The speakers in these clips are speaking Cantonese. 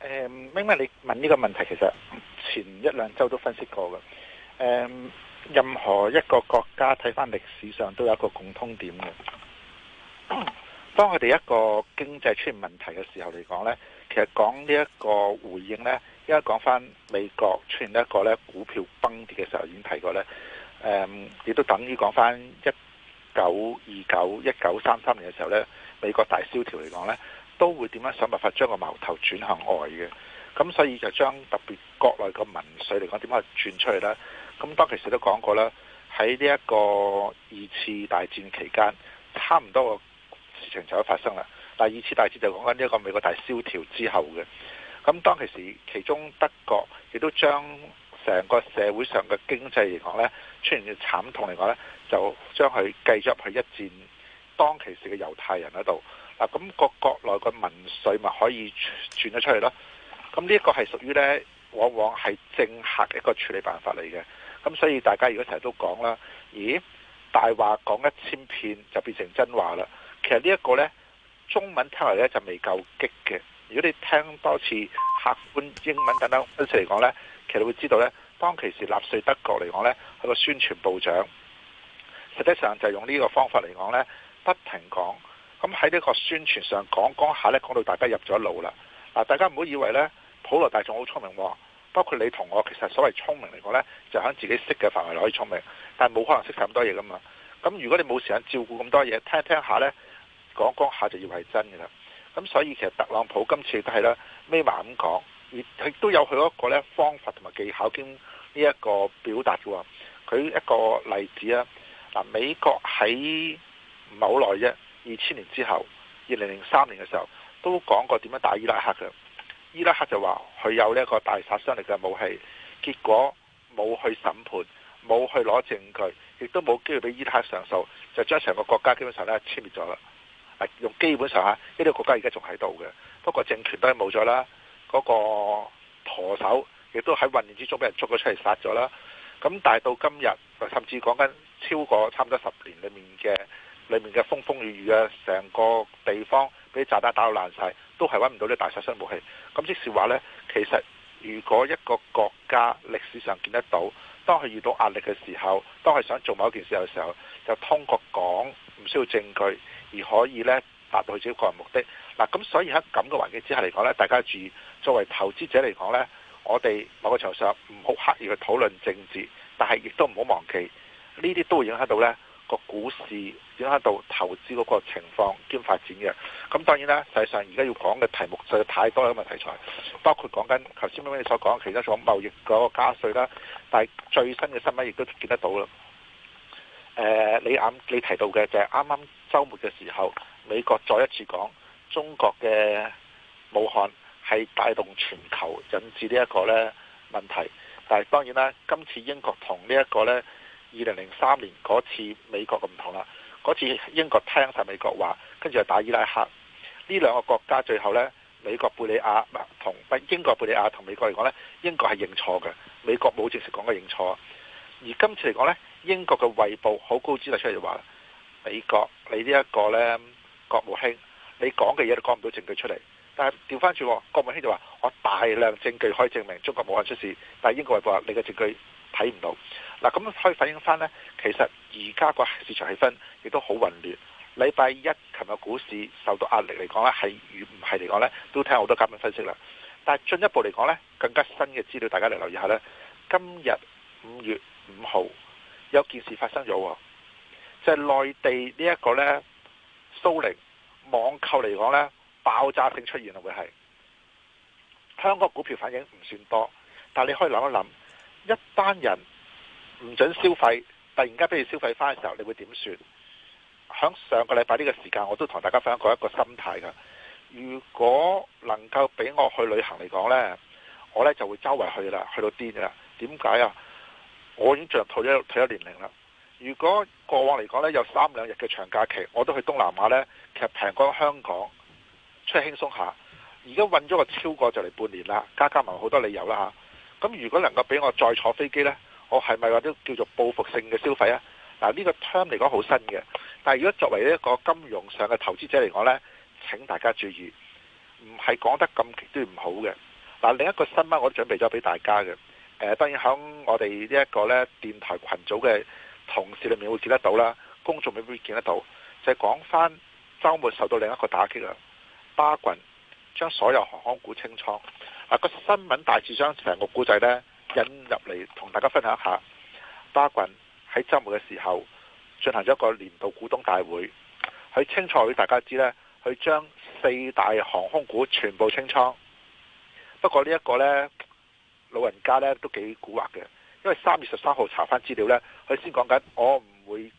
誒，明明、嗯、你問呢個問題，其實前一兩周都分析過嘅。誒、嗯，任何一個國家睇翻歷史上都有一個共通點嘅。當佢哋一個經濟出現問題嘅時候嚟講呢，其實講呢一個回應呢，因為講翻美國出現一個咧股票崩跌嘅時候已經提過呢，誒、嗯，亦都等於講翻一九二九、一九三三年嘅時候呢，美國大蕭條嚟講呢。都會點樣想辦法將個矛頭轉向外嘅，咁所以就將特別國內個民粹嚟講點樣轉出嚟呢？咁當其時都講過啦，喺呢一個二次大戰期間，差唔多個事情就都發生啦。但二次大戰就講緊呢一個美國大蕭條之後嘅，咁當其時其中德國亦都將成個社會上嘅經濟嚟講呢，出現嘅慘痛嚟講呢，就將佢繼續去一戰當其時嘅猶太人喺度。咁、啊嗰個國內個民粹咪可以轉咗出嚟咯？咁呢一個係屬於呢，往往係政客一個處理辦法嚟嘅。咁所以大家如果成日都講啦，咦，大話講一千遍就變成真話啦。其實呢一個呢，中文聽嚟呢就未夠激嘅。如果你聽多次客觀英文等等，一次嚟講呢，其實會知道呢，當其時納粹德國嚟講呢，佢個宣傳部長，實際上就用呢個方法嚟講呢，不停講。咁喺呢個宣傳上講講下呢，講到大家入咗腦啦。嗱，大家唔好以為呢，普羅大眾好聰明，哦，包括你同我，其實所謂聰明嚟講呢，就喺自己識嘅範圍內可以聰明，但係冇可能識咁多嘢噶嘛。咁如果你冇時間照顧咁多嘢，聽一聽一下呢，講一講一下就以為係真㗎啦。咁所以其實特朗普今次都係呢，咩話咁講，亦都有佢一個呢方法同埋技巧兼呢一個表達㗎。佢一個例子啊，嗱，美國喺唔係好耐啫。二千年之後，二零零三年嘅時候都講過點樣打伊拉克嘅。伊拉克就話佢有呢一個大殺傷力嘅武器，結果冇去審判，冇去攞證據，亦都冇機會俾伊拉克上訴，就將成個國家基本上咧殲滅咗啦、啊。用基本上啊，呢啲國家而家仲喺度嘅，不過政權係冇咗、那個、都係冇咗啦。嗰個舵手亦都喺混亂之中俾人捉咗出嚟殺咗啦。咁但係到今日，甚至講緊超過差唔多十年裏面嘅。裏面呀，風風雨雨嘅成個地方，俾炸彈打到爛晒，都係揾唔到啲大殺傷武器。咁即是話呢，其實如果一個國家歷史上見得到，當佢遇到壓力嘅時候，當佢想做某一件事嘅時候，就通過講唔需要證據而可以呢達到佢自己個人目的。嗱，咁所以喺咁嘅環境之下嚟講呢，大家注意，作為投資者嚟講呢，我哋某個程度上唔好刻意去討論政治，但係亦都唔好忘記呢啲都會影響到呢。個股市影響到投資嗰個情況兼發展嘅，咁當然啦，實際上而家要講嘅題目實在太多咁嘅題材，包括講緊頭先你所講，其他講貿易嗰個加稅啦，但係最新嘅新聞亦都見得到啦。誒、呃，你啱你提到嘅就係啱啱周末嘅時候，美國再一次講中國嘅武漢係帶動全球引致這呢一個咧問題，但係當然啦，今次英國同呢一個咧。二零零三年嗰次美國嘅唔同啦，嗰次英國聽晒美國話，跟住就打伊拉克。呢兩個國家最後呢，美國貝利亞同英國貝利亞同美國嚟講呢，英國係認錯嘅，美國冇正式講過認錯。而今次嚟講呢，英國嘅衞報好高姿勢出嚟就話：美國你呢一個呢國務卿，你講嘅嘢都講唔到證據出嚟。但係調翻轉國務卿就話：我大量證據可以證明中國武漢出事，但係英國衞報話你嘅證據睇唔到。嗱，咁可以反映翻呢。其實而家個市場氣氛亦都好混亂。禮拜一琴日股市受到壓力嚟講呢係與唔係嚟講呢？都聽好多嘉賓分析啦。但係進一步嚟講呢，更加新嘅資料，大家嚟留意下呢。今日五月五號有件事發生咗，就係內地呢一個呢蘇寧網購嚟講呢，爆炸性出現，會係香港股票反應唔算多，但係你可以諗一諗，一班人。唔准消費，突然間畀你消費翻嘅時候，你會點算？喺上個禮拜呢個時間，我都同大家分享過一個心態㗎。如果能夠俾我去旅行嚟講呢，我呢就會周圍去啦，去到癲噶啦。點解啊？我已經進入退休退休年齡啦。如果過往嚟講呢，有三兩日嘅長假期，我都去東南亞呢，其實平過香港，出去輕鬆下。而家運咗個超過就嚟半年啦，加加埋好多理由啦。咁，啊，如果能夠俾我再坐飛機呢？我係咪話啲叫做報復性嘅消費咧？嗱、啊，呢、這個 term 嚟講好新嘅。但係如果作為一個金融上嘅投資者嚟講呢，請大家注意，唔係講得咁極端唔好嘅。嗱、啊，另一個新聞我都準備咗俾大家嘅。誒、啊，當然響我哋呢一個呢電台群組嘅同事裡面會見得到啦，公眾未必見得到。就係、是、講翻周末受到另一個打擊啦，巴郡將所有航空股清倉。嗱、啊，那個新聞大致上成個故仔呢。引入嚟同大家分享一下，巴郡喺周末嘅時候進行咗一個年度股東大會，佢清楚俾大家知咧，佢將四大航空股全部清倉。不過這呢一個咧，老人家咧都幾蠱惑嘅，因為三月十三號查翻資料咧，佢先講緊我唔會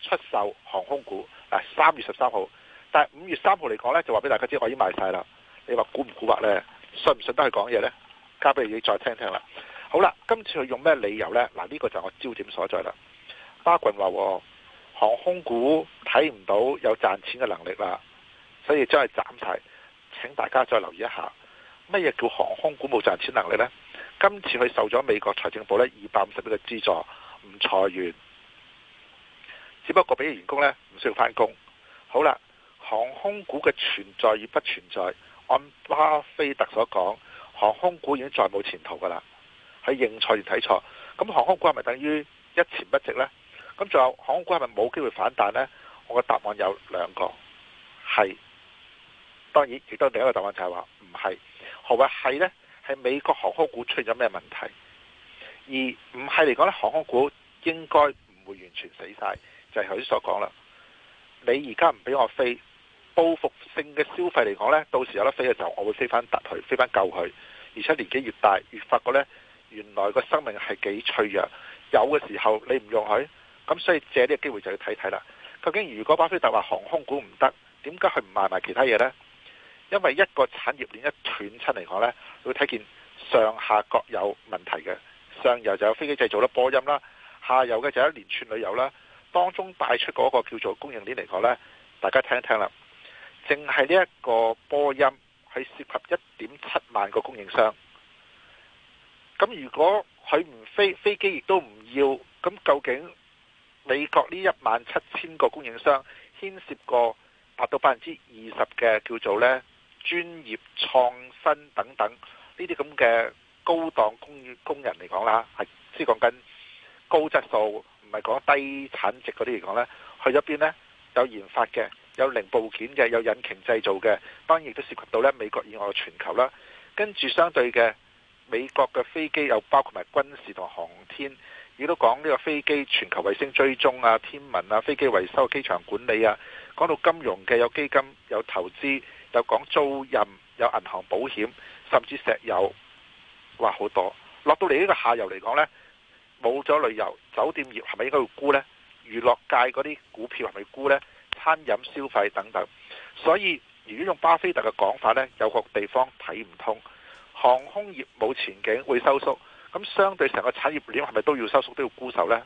出售航空股。嗱，三月十三號，但係五月三號嚟講咧，就話俾大家知我已經賣晒啦。你話蠱唔蠱惑咧？信唔信得佢講嘢咧？交俾你再聽聽啦。好啦，今次佢用咩理由呢？嗱，呢、這個就係我焦點所在啦。巴郡話、哦、航空股睇唔到有賺錢嘅能力啦，所以將嚟斬晒。請大家再留意一下，乜嘢叫航空股冇賺錢能力呢？今次佢受咗美國財政部呢二百五十億嘅資助，唔裁員，只不過俾啲員工呢，唔需要返工。好啦，航空股嘅存在與不存在，按巴菲特所講。航空股已經再冇前途噶啦。係認錯而睇錯，咁航空股係咪等於一錢不值呢？咁仲有航空股係咪冇機會反彈呢？我個答案有兩個，係，當然亦都另一個答案就係話唔係，何謂係呢？係美國航空股出現咗咩問題？而唔係嚟講呢。航空股應該唔會完全死晒，就係頭先所講啦。你而家唔俾我飛，報復性嘅消費嚟講呢，到時有得飛嘅時候，我會飛翻突佢，飛翻救佢。而且年紀越大，越發覺呢，原來個生命係幾脆弱。有嘅時候你唔用佢，咁所以借呢個機會就要睇睇啦。究竟如果巴菲特話航空股唔得，點解佢唔賣埋其他嘢呢？因為一個產業鏈一斷出嚟講呢，會睇見上下各有問題嘅。上游就有飛機製造啦，波音啦；下游嘅就一連串旅遊啦，當中帶出嗰個叫做供應鏈嚟講呢，大家聽一聽啦。淨係呢一個波音。佢涉及一點七萬個供應商，咁如果佢唔飛飛機亦都唔要，咁究竟美國呢一萬七千個供應商牽涉過達到百分之二十嘅叫做咧專業創新等等呢啲咁嘅高檔工工人嚟講啦，係即係講緊高質素，唔係講低產值嗰啲嚟講咧，去咗邊咧？有研發嘅。有零部件嘅，有引擎製造嘅，當然亦都涉及到美國以外嘅全球啦。跟住相對嘅美國嘅飛機又包括埋軍事同航天。亦都講呢個飛機全球衛星追蹤啊、天文啊、飛機維修、機場管理啊。講到金融嘅有基金、有投資、又講租賃、有銀行保險，甚至石油，哇好多。落到嚟呢個下游嚟講呢，冇咗旅遊、酒店業係咪應該要沽呢？娛樂界嗰啲股票係咪要沽呢？餐飲消費等等，所以如果用巴菲特嘅講法呢，有個地方睇唔通，航空業冇前景會收縮，咁相對成個產業鏈係咪都要收縮都要沽售呢？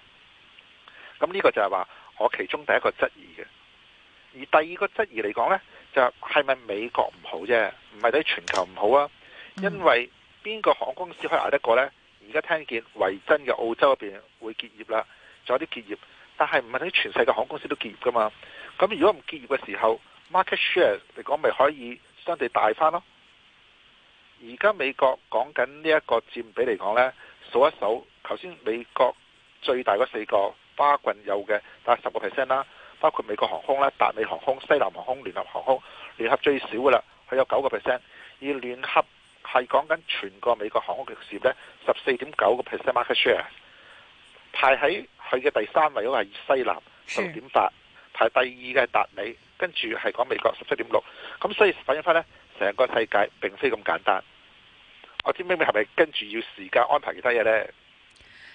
咁呢個就係話我其中第一個質疑嘅，而第二個質疑嚟講呢，就係咪美國唔好啫？唔係睇全球唔好啊？因為邊個航空公司可以捱得過呢？而家聽見維珍嘅澳洲嗰邊會結業啦，仲有啲結業。但係唔係喺全世界航空公司都結業，噶嘛？咁如果唔結業嘅時候，market share 嚟講，咪可以相對大翻咯。而家美國講緊呢一個佔比嚟講呢，數一數，頭先美國最大嗰四個巴郡有嘅，但係十個 percent 啦，包括美國航空咧、達美航空、西南航空、聯合航空。聯合最少噶啦，佢有九個 percent。而聯合係講緊全個美國航空嘅事呢，十四點九個 percent market share。排喺佢嘅第三位，嗰係西南十六點八，排第二嘅係達美，跟住係講美國十七點六，咁所以反映翻呢，成個世界並非咁簡單。我知明明係咪跟住要時間安排其他嘢呢？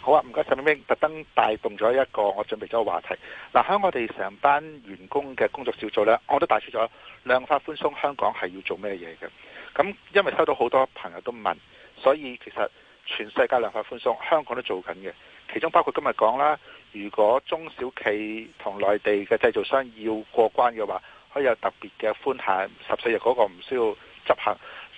好啊，唔該曬，明明特登帶動咗一個我準備咗個話題。嗱、啊，喺我哋成班員工嘅工作小組呢，我都帶出咗量化寬鬆。香港係要做咩嘢嘅？咁因為收到好多朋友都問，所以其實全世界量化寬鬆，香港都做緊嘅。其中包括今日講啦，如果中小企同內地嘅製造商要過關嘅話，可以有特別嘅寬限十四日嗰個唔需要執行，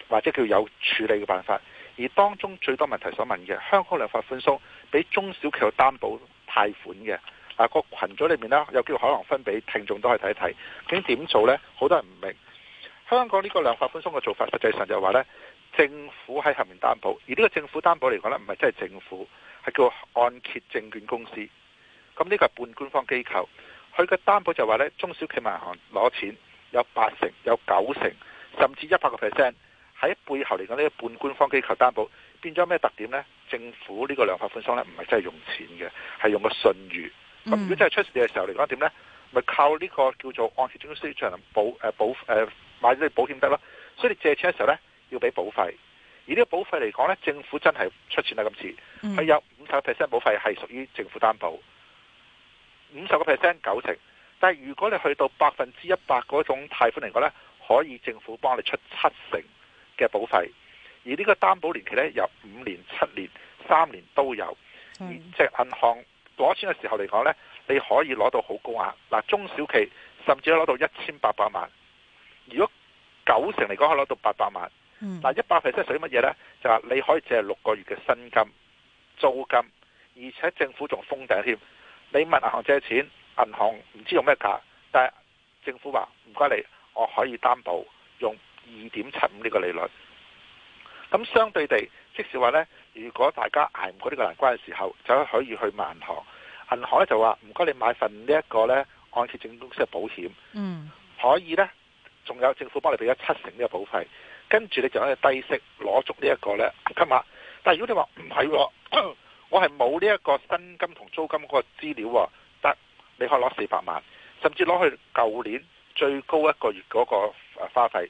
或者叫有處理嘅辦法。而當中最多問題所問嘅香港量化寬鬆。俾中小企業擔保貸款嘅，啊、嗰個群組裏面呢，有機會可能分俾聽眾，都可以睇一睇，究竟點做呢？好多人唔明。香港呢個量化寬鬆嘅做法，實際上就話呢政府喺後面擔保，而呢個政府擔保嚟講呢，唔係真係政府，係叫按揭證券公司。咁呢個係半官方機構，佢嘅擔保就話呢中小企業銀行攞錢有八成、有九成，甚至一百個 percent 喺背後嚟講呢個半官方機構擔保，變咗咩特點呢？政府這個呢個兩百款箱咧，唔係真係用錢嘅，係用個信譽。咁、嗯、如果真係出事嘅時候嚟講點咧？咪靠呢個叫做按揭將啲商業銀行保誒保誒買啲保險得咯。所以你借錢嘅時候咧，要俾保費。而呢個保費嚟講咧，政府真係出錢啦，今次係、嗯、有五十個 percent 保費係屬於政府擔保，五十個 percent 九成。但係如果你去到百分之一百嗰種貸款嚟講咧，可以政府幫你出七成嘅保費。而呢個擔保年期呢，有五年、七年、三年都有。即係、嗯、銀行攞錢嘅時候嚟講呢，你可以攞到好高額。嗱，中小企甚至攞到一千八百萬。如果九成嚟講，可以攞到八百萬。嗱、嗯，一百 percent 係屬於乜嘢呢？就話、是、你可以借六個月嘅薪金、租金，而且政府仲封頂添。你問銀行借錢，銀行唔知用咩價，但係政府話唔該你，我可以擔保用二點七五呢個利率。咁相對地，即使話呢，如果大家捱唔過呢個難關嘅時候，就可以去萬行銀行咧，行就話唔該，你買份呢一個呢按揭證公司嘅保險，嗯，可以呢，仲有政府幫你俾咗七成呢個保費，跟住你就可以低息攞足呢一個呢金額。但係如果你話唔係，我係冇呢一個薪金同租金嗰個資料，得，你可以攞四百萬，甚至攞去舊年最高一個月嗰個花費，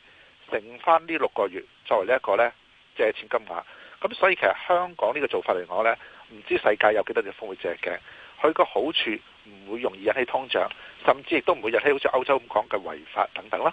剩翻呢六個月作為呢一個呢，借錢金額，咁所以其實香港呢個做法嚟講呢，唔知世界有幾多地方會借嘅，佢個好處唔會容易引起通脹，甚至亦都唔會引起好似歐洲咁講嘅違法等等啦。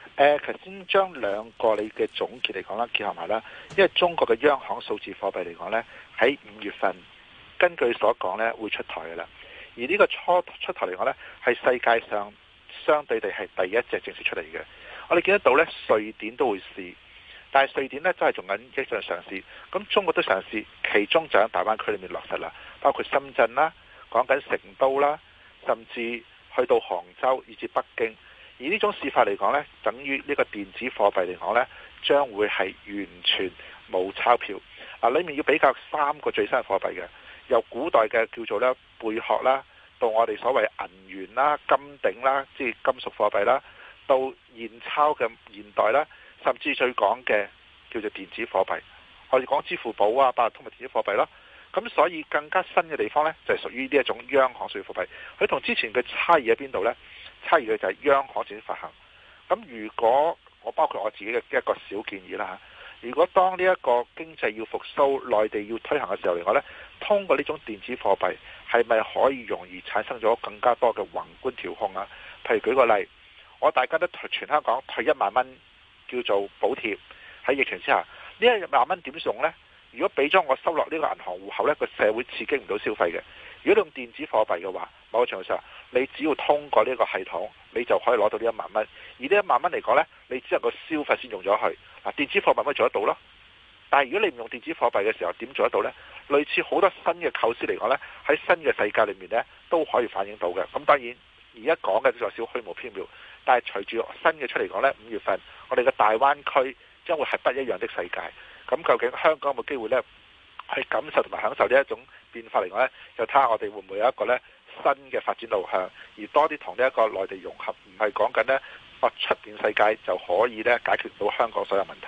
誒，頭先先將兩個你嘅總結嚟講啦，結合埋啦。因為中國嘅央行數字貨幣嚟講呢，喺五月份根據所講呢會出台嘅啦。而呢個初出台嚟講呢，係世界上相對地係第一隻正式出嚟嘅。我哋見得到呢，瑞典都會試，但係瑞典呢，真係仲緊一種嘗試。咁中國都嘗試，其中就喺大灣區裏面落實啦，包括深圳啦，講緊成都啦，甚至去到杭州以至北京。而呢種試法嚟講呢，等於呢個電子貨幣嚟講呢，將會係完全冇鈔票啊！裏面要比較三個最新嘅貨幣嘅，由古代嘅叫做咧貝殼啦，到我哋所謂銀元啦、金鼎啦，即係金屬貨幣啦，到現鈔嘅現代啦，甚至最講嘅叫做電子貨幣，我哋講支付寶啊、八達通嘅電子貨幣啦。咁所以更加新嘅地方呢，就係屬於呢一種央行數字貨幣。佢同之前嘅差異喺邊度呢？差異嘅就係央行展發行，咁如果我包括我自己嘅一個小建議啦，如果當呢一個經濟要復甦、內地要推行嘅時候嚟講呢，通過呢種電子貨幣係咪可以容易產生咗更加多嘅宏觀調控啊？譬如舉個例，我大家都全香港退一萬蚊叫做補貼喺疫情之下，呢一萬蚊點用呢？如果俾咗我收落呢個銀行戶口，呢個社會刺激唔到消費嘅。如果你用電子貨幣嘅話，某個場上你只要通過呢個系統，你就可以攞到呢一萬蚊。而呢一萬蚊嚟講呢，你只能夠消費先用咗去。嗱，電子貨幣咪做得到咯？但係如果你唔用電子貨幣嘅時候，點做得到呢？類似好多新嘅構思嚟講呢，喺新嘅世界裏面呢都可以反映到嘅。咁當然而家講嘅就係少虛無縹緲，但係隨住新嘅出嚟講呢，五月份我哋嘅大灣區將會係不一樣的世界。咁究竟香港有冇機會呢？去感受同埋享受呢一種變化嚟講咧，就睇下我哋會唔會有一個咧新嘅發展路向，而多啲同呢一個內地融合，唔係講緊咧，我出邊世界就可以咧解決到香港所有問題。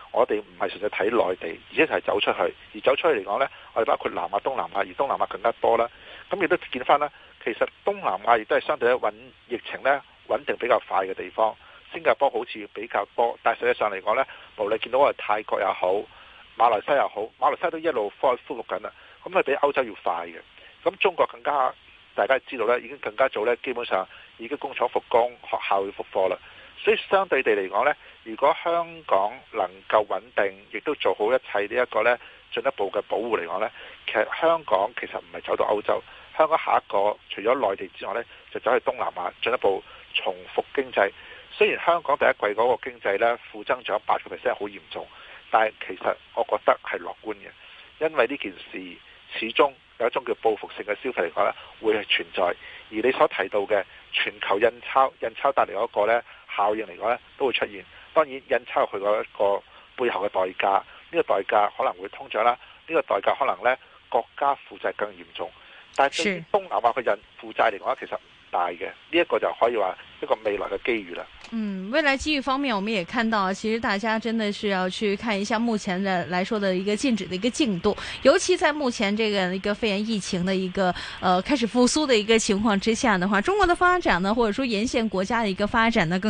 我哋唔係純粹睇內地，而且係走出去。而走出去嚟講呢，我哋包括南亞、東南亞，而東南亞更加多啦。咁亦都見翻啦，其實東南亞亦都係相對穩疫情呢穩定比較快嘅地方。新加坡好似比較多，但係實際上嚟講呢，無論見到我哋泰國又好，馬來西亞又好，好，馬來西亞都一路恢復緊啦。咁佢比歐洲要快嘅。咁中國更加大家知道呢，已經更加早呢，基本上已經工廠復工、學校要復課啦。所以相對地嚟講呢，如果香港能夠穩定，亦都做好一切呢一個呢進一步嘅保護嚟講呢，其實香港其實唔係走到歐洲，香港下一個除咗內地之外呢，就走去東南亞進一步重複經濟。雖然香港第一季嗰個經濟呢負增長八個 percent 好嚴重，但係其實我覺得係樂觀嘅，因為呢件事始終有一種叫報複性嘅消費嚟講呢會係存在，而你所提到嘅全球印鈔印鈔帶嚟嗰個呢。效應嚟講呢，都會出現。當然，印鈔出去嗰一個背後嘅代價，呢、這個代價可能會通脹啦。呢、這個代價可能呢國家負債更嚴重，但係對東南亞嘅人負債嚟講咧，其實唔大嘅。呢、這、一個就可以話一個未來嘅機遇啦。嗯，未來機遇方面，我們也看到，其實大家真的是要去看一下目前的來說的一個禁止的一個進度。尤其在目前這個一個肺炎疫情的一個呃開始復甦的一個情況之下的話，中國嘅發展呢，或者說沿線國家嘅一個發展呢，更